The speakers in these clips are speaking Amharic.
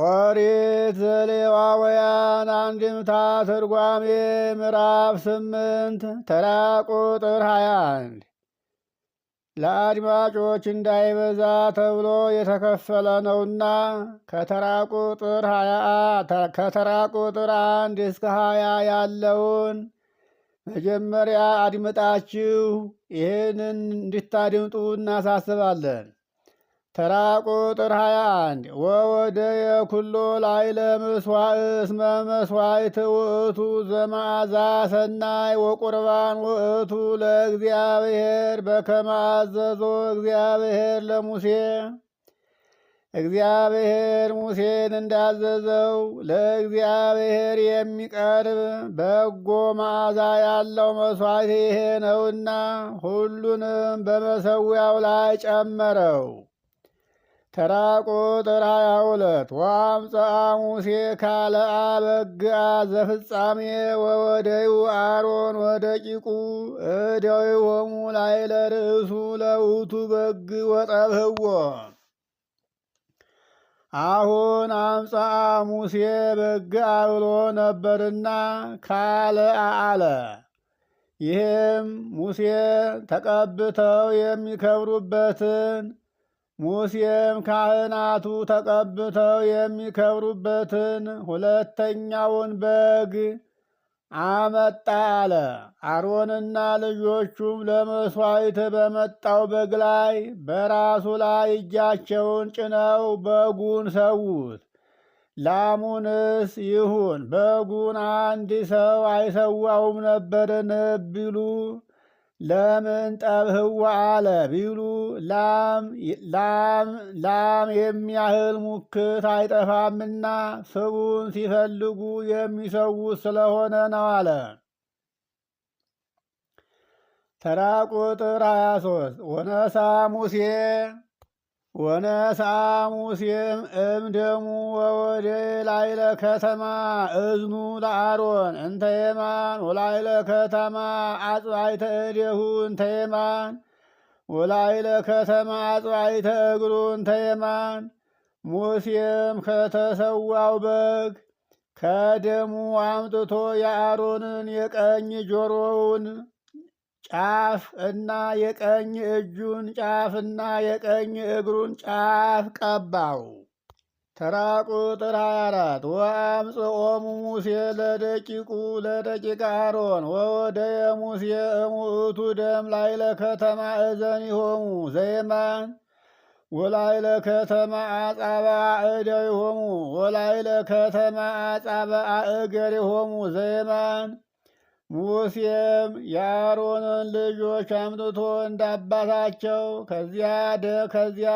ኦሪት ዘሌዋውያን አንድምታ ትርጓሜ ምዕራፍ ስምንት ተራ ቁጥር ሀያ አንድ ለአድማጮች እንዳይበዛ ተብሎ የተከፈለ ነውና ከተራ ቁጥር ሃያ ከተራ ቁጥር አንድ እስከ ሃያ ያለውን መጀመሪያ አድምጣችሁ ይህንን እንድታድምጡ እናሳስባለን። ተራ ቁጥር 21 ወወደ የኩሎ ላይለ ምስዋዕ እስመ መስዋዕት ውእቱ ዘማዕዛ ሰናይ ወቁርባን ውእቱ ለእግዚአብሔር በከማዘዞ እግዚአብሔር ለሙሴ እግዚአብሔር ሙሴን እንዳዘዘው ለእግዚአብሔር የሚቀርብ በጎ መዓዛ ያለው መሥዋዕት ይሄ ነውና ሁሉንም በመሰዊያው ላይ ጨመረው። ተራ ቁጥር ሁለት ወአምፀአ ሙሴ ካለ በግአ ዘፍጻሜ ወወደዩ አሮን ወደ ቂቁ እደዊሆሙ ላይ ለርእሱ ለውቱ በግ ወጠብህዎ። አሁን አምፀአ ሙሴ በግአ ብሎ ነበርና ካለ አለ። ይህም ሙሴ ተቀብተው የሚከብሩበትን ሙሴም ካህናቱ ተቀብተው የሚከብሩበትን ሁለተኛውን በግ አመጣ አለ። አሮንና ልጆቹም ለመሥዋዕት በመጣው በግ ላይ በራሱ ላይ እጃቸውን ጭነው በጉን ሰዉት። ላሙንስ ይሁን በጉን አንድ ሰው አይሰዋውም ነበርን ቢሉ ለምን ጠብህዋ አለ ቢሉ ላም የሚያህል ሙክት አይጠፋምና ስቡን ሲፈልጉ የሚሰውት ስለሆነ ነው አለ። ተራ ቁጥር 23 ወነሳ ሙሴ ወነሳ ሙሴም እምደሙ ወወደ ላይለ ከተማ እዝኑ ለአሮን እንተ የማን ወላይለ ከተማ አጽባይተ እዴሁ እንተ የማን ወላይለ ከተማ አጽባይተ እግሩ እንተ የማን። ሙሴም ከተሰዋው በግ ከደሙ አምጥቶ የአሮንን የቀኝ ጆሮውን ጫፍ እና የቀኝ እጁን ጫፍ እና የቀኝ እግሩን ጫፍ ቀባው። ተራ ቁጥር 24 ወአምጽኦሙ ሙሴ ለደቂቁ ለደቂቀ አሮን ወወደየ ሙሴ እሙእቱ ደም ላይለ ከተማ እዘን ይሆሙ ዘየማን ወላይለ ከተማ አጻባ እደ ይሆሙ ወላይለ ከተማ አጻባ እገር ይሆሙ ዘየማን ሙሴም የአሮንን ልጆች አምጥቶ እንዳባታቸው ከዚያ ከዚያ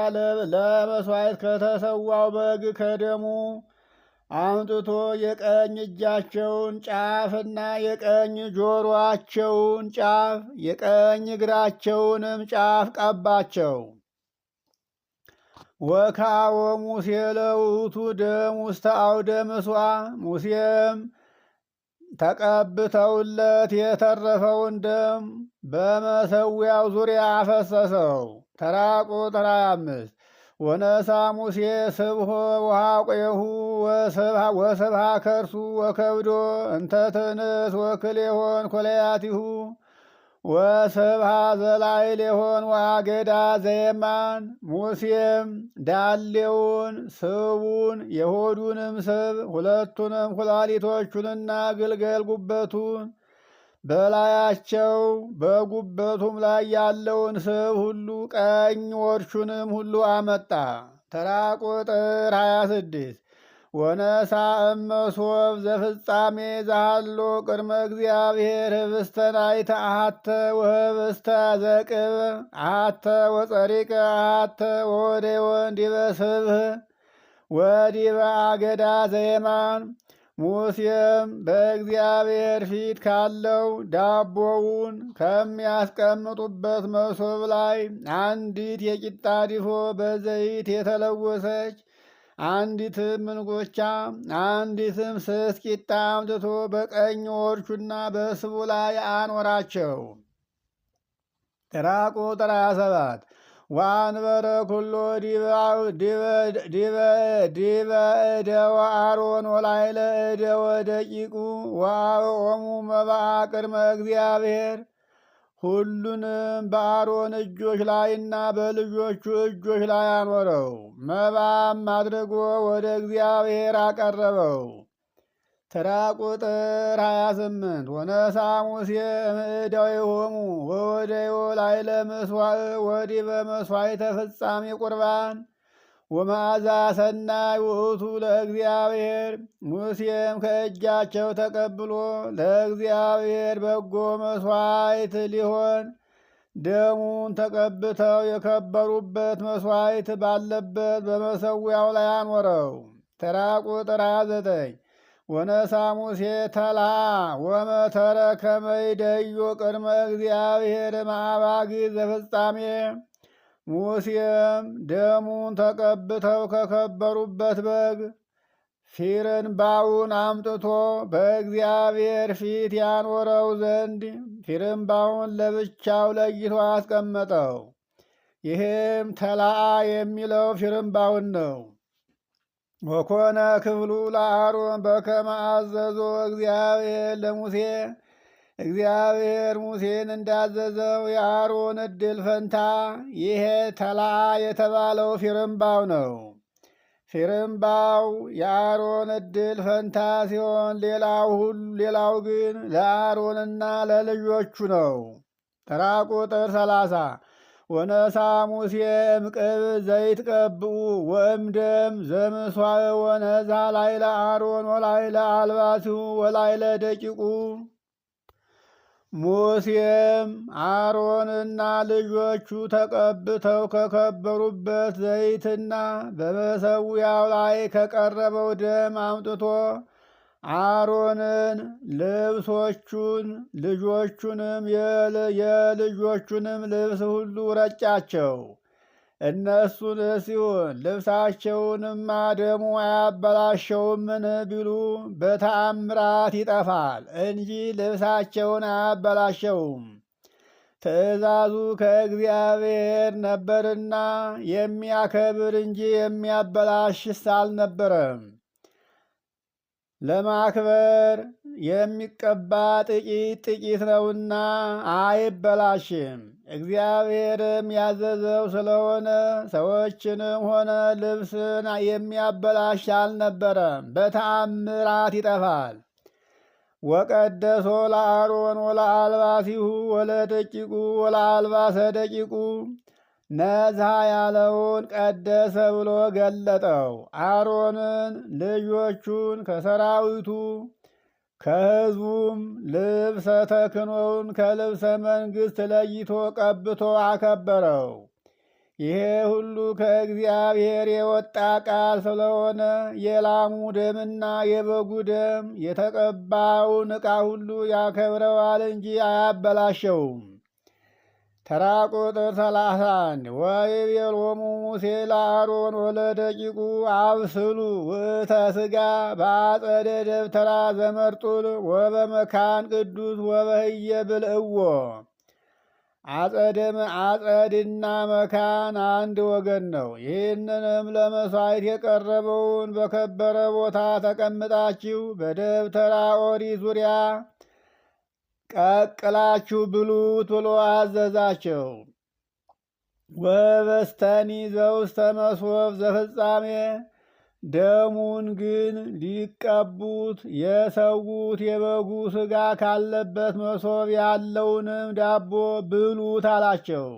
ለመሥዋዕት ከተሰዋው በግ ከደሙ አምጥቶ የቀኝ እጃቸውን ጫፍና የቀኝ ጆሮአቸውን ጫፍ የቀኝ እግራቸውንም ጫፍ ቀባቸው። ወካወ ሙሴ ለውቱ ደም ውስተ አውደ ምስዋ ሙሴም ተቀብተውለት የተረፈውን ደም በመሰዊያው ዙሪያ አፈሰሰው። ተራ ቁጥር አምስት ወነሳ ሙሴ ስብሆ ውሃቆሁ ወስብሃ ከርሱ ወከብዶ እንተ ትንስ የሆን ኮለያቲሁ ወስብሃ ዘላይል የሆን ዋገዳ ዘየማን ሙሴም ዳሌውን ስቡን የሆዱንም ስብ ሁለቱንም ኩላሊቶቹንና ግልገል ጉበቱን በላያቸው በጉበቱም ላይ ያለውን ስብ ሁሉ ቀኝ ወርቹንም ሁሉ አመጣ። ተራ ቁጥር 26 ወነሳ እመሶብ ዘፍጻሜ ዛሃሎ ቅድመ እግዚአብሔር ህብስተ ናይተ አሃተ ወህብስተ ዘቅብ አሃተ ወጸሪቀ አሃተ ወወደ ወንድ ወዲበ አገዳ ዘየማን ሙሴም በእግዚአብሔር ፊት ካለው ዳቦውን ከሚያስቀምጡበት መሶብ ላይ አንዲት የቂጣ ዲፎ በዘይት የተለወሰች አንዲትም እንጎቻ አንዲትም ስስ ቂጣ አምጥቶ በቀኝ ወርቹና በስቡ ላይ አኖራቸው። ጥራ ቁጥር ሰባት ወአንበረ ኩሎ ዲበ እደ ወአሮን ወላይለ ደቂቁ ወደቂቁ ኦሙ መባአ ቅድመ እግዚአብሔር ሁሉንም በአሮን እጆች ላይና በልጆቹ እጆች ላይ አኖረው። መባም አድርጎ ወደ እግዚአብሔር አቀረበው። ተራ ቁጥር 28 ወነሳ ሙሴ ሆሙ ወወደዮ ላይ ምስዋዕ ወዲህ መስዋዕተ ተፈጻሚ ቁርባን ወማዛ ሰናይ ውእቱ ለእግዚአብሔር ሙሴም ከእጃቸው ተቀብሎ ለእግዚአብሔር በጎ መስዋዕት ሊሆን ደሙን ተቀብተው የከበሩበት መስዋዕት ባለበት በመሰዊያው ላይ አኖረው። ተራ ቁጥር ዘጠኝ ወነሳ ሙሴ ተላ ወመተረ ከመይደዮ ቅድመ እግዚአብሔር ማዕባጊ ዘፍጻሜ ሙሴም ደሙን ተቀብተው ከከበሩበት በግ ፊርንባውን አምጥቶ በእግዚአብሔር ፊት ያኖረው ዘንድ ፊርንባውን ለብቻው ለይቶ አስቀመጠው። ይህም ተላአ የሚለው ፊርንባውን ነው። ወኮነ ክፍሉ ለአሮን በከመ አዘዞ እግዚአብሔር ለሙሴ እግዚአብሔር ሙሴን እንዳዘዘው የአሮን እድል ፈንታ ይሄ ተላ የተባለው ፊርምባው ነው። ፊርምባው የአሮን እድል ፈንታ ሲሆን ሌላው ሁሉ ሌላው ግን ለአሮንና ለልጆቹ ነው። ተራ ቁጥር ሰላሳ ወነሳ ሙሴ እምቅብ ዘይት ቀብኡ ወእምደም ዘምሷ ወነዛ ላይለ አሮን ወላይለ አልባሲሁ ወላይለ ደቂቁ ሙሴም አሮንና ልጆቹ ተቀብተው ከከበሩበት ዘይትና በመሰዊያው ላይ ከቀረበው ደም አምጥቶ አሮንን ልብሶቹን ልጆቹንም የልጆቹንም ልብስ ሁሉ ረጫቸው። እነሱን ሲሆን ልብሳቸውንም አደሙ አያበላሸውምን ቢሉ በተአምራት ይጠፋል እንጂ ልብሳቸውን አያበላሸውም። ትእዛዙ ከእግዚአብሔር ነበርና የሚያከብር እንጂ የሚያበላሽስ አልነበረም። ለማክበር የሚቀባ ጥቂት ጥቂት ነውና አይበላሽም። እግዚአብሔርም ያዘዘው ስለሆነ ሰዎችንም ሆነ ልብስን የሚያበላሽ አልነበረም፣ በተአምራት ይጠፋል። ወቀደሶ ለአሮን ወለአልባሲሁ ወለደቂቁ ወለአልባሰ ደቂቁ ነዝሃ ያለውን ቀደሰ ብሎ ገለጠው። አሮንን ልጆቹን ከሰራዊቱ ከህዝቡም ልብሰ ተክኖውን ከልብሰ መንግሥት ለይቶ ቀብቶ አከበረው። ይሄ ሁሉ ከእግዚአብሔር የወጣ ቃል ስለሆነ የላሙ ደምና የበጉ ደም የተቀባውን ዕቃ ሁሉ ያከብረዋል እንጂ አያበላሸውም። ተራ ቁጥር ሰላሳ አንድ ወይቤሎሙ ሙሴ ለአሮን ወለደቂቁ አብስሉ ውእተ ስጋ በአጸደ ደብተራ ዘመርጡል ወበመካን ቅዱስ ወበህየ ብልእዎ አጸደም አጸድና መካን አንድ ወገን ነው። ይህንንም ለመሥዋዕት የቀረበውን በከበረ ቦታ ተቀምጣችሁ በደብተራ ኦሪ ዙሪያ ቀቅላችሁ ብሉት ብሎ አዘዛቸው። ወበስተኒ ዘውስተ መሶብ ዘፍጻሜ ደሙን ግን ሊቀቡት የሰዉት የበጉ ሥጋ ካለበት መሶብ ያለውንም ዳቦ ብሉት አላቸው።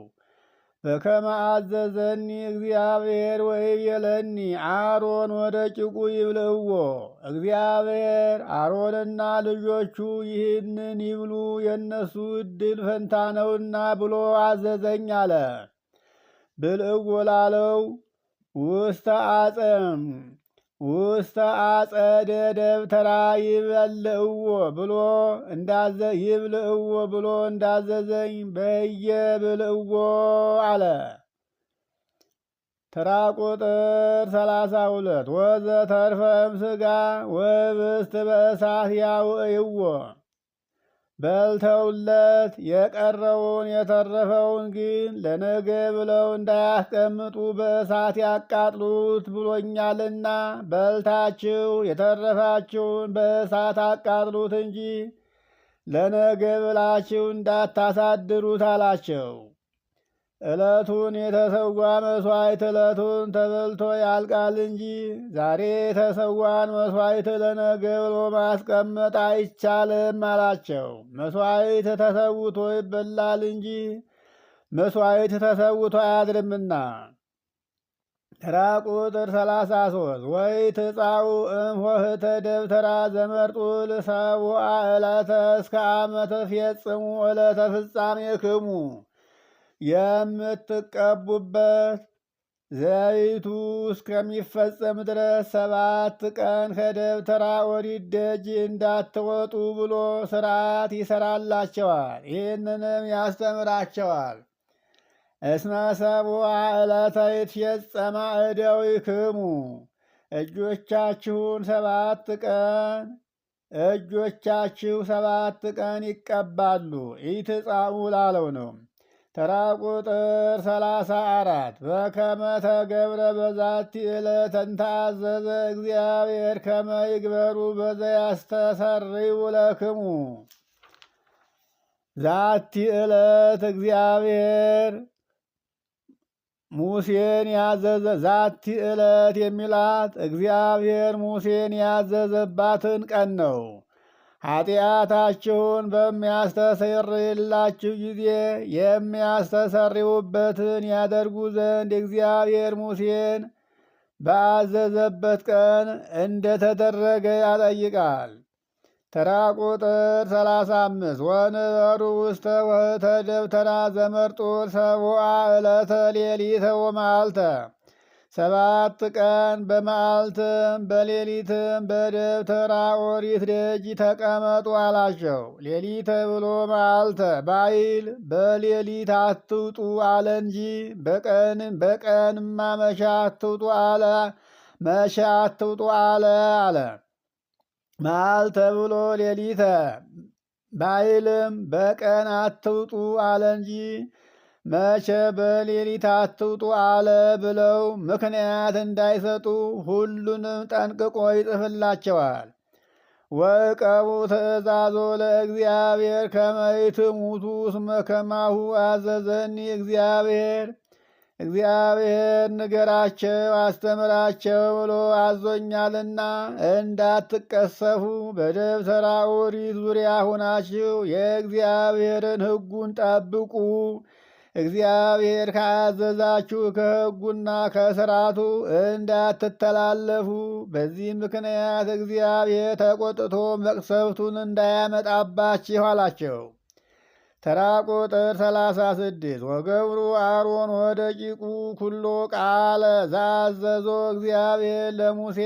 በከመ አዘዘኒ እግዚአብሔር ወይቤለኒ አሮን ወደ ጭቁ ይብልዕዎ። እግዚአብሔር አሮንና ልጆቹ ይህንን ይብሉ የእነሱ እድል ፈንታ ነውና ብሎ አዘዘኝ አለ። ብልዕዎ ላለው ውስተ አጽም ውስተ አጸደ ደብተራ ይበልእዎ ብሎ እንዳዘ ይብልእዎ ብሎ እንዳዘዘኝ በየ ብልእዎ አለ። ተራ ቁጥር ሰላሳ ሁለት ወዘ ተርፈም ስጋ ወብስት በእሳት ያውእይዎ በልተውለት የቀረውን የተረፈውን ግን ለነገ ብለው እንዳያስቀምጡ በእሳት ያቃጥሉት ብሎኛልና በልታችሁ የተረፋችሁን በእሳት አቃጥሉት እንጂ ለነገ ብላችሁ እንዳታሳድሩት አላቸው። እለቱን የተሰዋ መስዋዕት እለቱን ተበልቶ ያልቃል እንጂ ዛሬ የተሰዋን መስዋዕት ለነገ ብሎ ማስቀመጥ አይቻልም አላቸው። መስዋዕት ተሰውቶ ይበላል እንጂ መስዋዕት ተሰውቶ አያድርምና። ተራ ቁጥር 33 ሶስት ወይ ትጻው እምሆህተ ደብተራ ዘመርጡ ልሰቡ አእለተ እስከ አመተ ፍየጽሙ እለተ ፍጻሜ ክሙ የምትቀቡበት ዘይቱ እስከሚፈጸም ድረስ ሰባት ቀን ከደብተራ ኦሪት ደጅ እንዳትወጡ ብሎ ስርዓት ይሰራላቸዋል። ይህንንም ያስተምራቸዋል። እስመ ሰብዓ ዕለተ ይትፌጸማ እደዊክሙ፣ እጆቻችሁን ሰባት ቀን እጆቻችሁ ሰባት ቀን ይቀባሉ። ኢትጻኡ ላለው ነው ተራ ቁጥር ሰላሳ አራት በከመ ተገብረ በዛቲ ዕለት እንተ እግዚአብሔር ከመ ይግበሩ በዘያስተሰርዩ ለክሙ። ዛቲ ዕለት እግዚአብሔር ሙሴን ያዘዘ ዛቲ ዕለት የሚላት እግዚአብሔር ሙሴን ያዘዘባትን ቀን ነው። ኃጢአታችሁን በሚያስተሰርይላችሁ ጊዜ የሚያስተሰሪውበትን ያደርጉ ዘንድ እግዚአብሔር ሙሴን በአዘዘበት ቀን እንደተደረገ ያጠይቃል። ተራ ቁጥር 35 ወንበሩ ውስተ ወህተ ደብተራ ዘመርጡር ሰብአ ዕለተ ሌሊተ ሰባት ቀን በመዓልትም በሌሊትም በደብተራ ኦሪት ደጅ ተቀመጡ አላቸው። ሌሊት ብሎ መዓልተ ባይል በሌሊት አትውጡ አለ እንጂ በቀን በቀንማ መሻ አትውጡ አለ መሻ አትውጡ አለ አለ መዓልተ ብሎ ሌሊተ ባይልም በቀን አትውጡ አለ እንጂ መቼ በሌሊት አትውጡ አለ ብለው ምክንያት እንዳይሰጡ ሁሉንም ጠንቅቆ ይጽፍላቸዋል። ወቀቡ ትእዛዞ ለእግዚአብሔር ከመይት ሙቱ እስመ ከማሁ አዘዘኒ እግዚአብሔር እግዚአብሔር ንገራቸው አስተምራቸው ብሎ አዞኛልና እንዳትቀሰፉ በደብተራ ኦሪት ዙሪያ ሆናችሁ የእግዚአብሔርን ሕጉን ጠብቁ እግዚአብሔር ካዘዛችሁ ከሕጉና ከሥርዓቱ እንዳትተላለፉ። በዚህ ምክንያት እግዚአብሔር ተቆጥቶ መቅሰፍቱን እንዳያመጣባችሁ አላቸው። ተራ ቁጥር 36 ወገብሩ አሮን ወደ ኩሎ ቃለ ዛዘዞ እግዚአብሔር ለሙሴ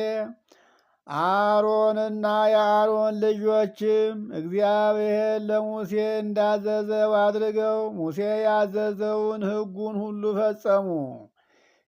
አሮንና የአሮን ልጆችም እግዚአብሔር ለሙሴ እንዳዘዘው አድርገው ሙሴ ያዘዘውን ሕጉን ሁሉ ፈጸሙ።